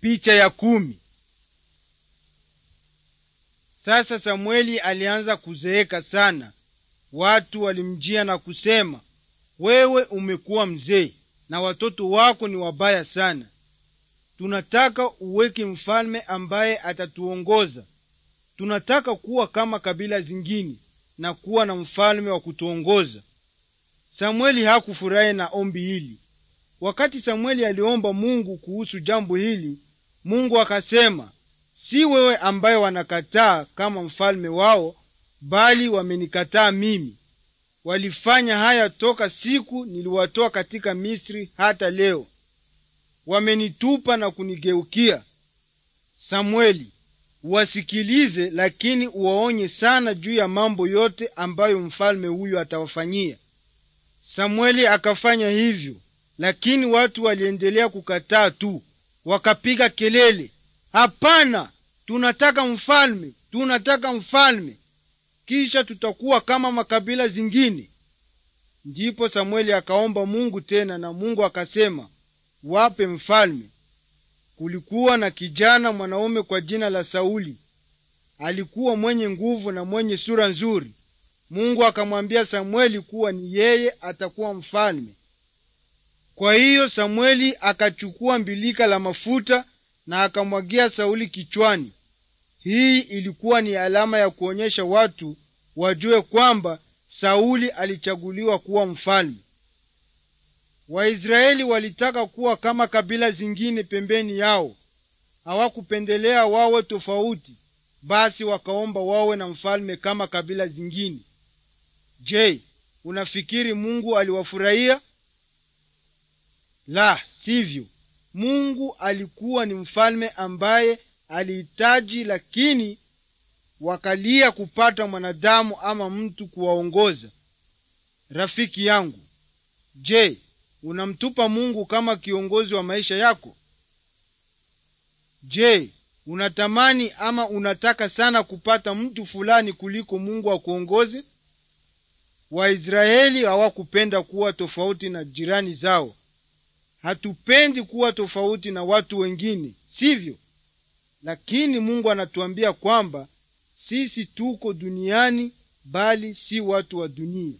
Picha ya kumi. Sasa Samweli alianza kuzeeka sana. Watu walimjia na kusema, wewe umekuwa mzee na watoto wako ni wabaya sana, tunataka uweke mfalme ambaye atatuongoza. Tunataka kuwa kama kabila zingine na kuwa na mfalme wa kutuongoza. Samweli hakufurahi na ombi hili. Wakati Samweli aliomba Mungu kuhusu jambo hili, Mungu akasema, si wewe ambaye wanakataa kama mfalme wao, bali wamenikataa mimi. Walifanya haya toka siku niliwatoa katika Misri hata leo, wamenitupa na kunigeukia. Samueli, uwasikilize, lakini uwaonye sana juu ya mambo yote ambayo mfalme huyo atawafanyia. Samueli akafanya hivyo, lakini watu waliendelea kukataa tu wakapiga kelele, hapana, tunataka mfalme, tunataka mfalme, kisha tutakuwa kama makabila zingine. Ndipo Samueli akaomba Mungu tena, na Mungu akasema wape mfalme. Kulikuwa na kijana mwanaume kwa jina la Sauli, alikuwa mwenye nguvu na mwenye sura nzuri. Mungu akamwambia Samueli kuwa ni yeye atakuwa mfalme. Kwa hiyo Samueli akachukua mbilika la mafuta na akamwagia Sauli kichwani. Hii ilikuwa ni alama ya kuonyesha watu wajue kwamba Sauli alichaguliwa kuwa mfalme. Waisraeli walitaka kuwa kama kabila zingine pembeni yao, hawakupendelea wawe tofauti, basi wakaomba wawe na mfalme kama kabila zingine. Je, unafikiri Mungu aliwafurahia? La sivyo, Mungu alikuwa ni mfalme ambaye alihitaji, lakini wakalia kupata mwanadamu ama mtu kuwaongoza. Rafiki yangu, je, unamtupa Mungu kama kiongozi wa maisha yako? Je, unatamani ama unataka sana kupata mtu fulani kuliko Mungu akuongoze? Waisraeli hawakupenda kuwa tofauti na jirani zao, hatupendi kuwa tofauti na watu wengine, sivyo? Lakini Mungu anatuambia kwamba sisi tuko duniani, bali si watu wa dunia.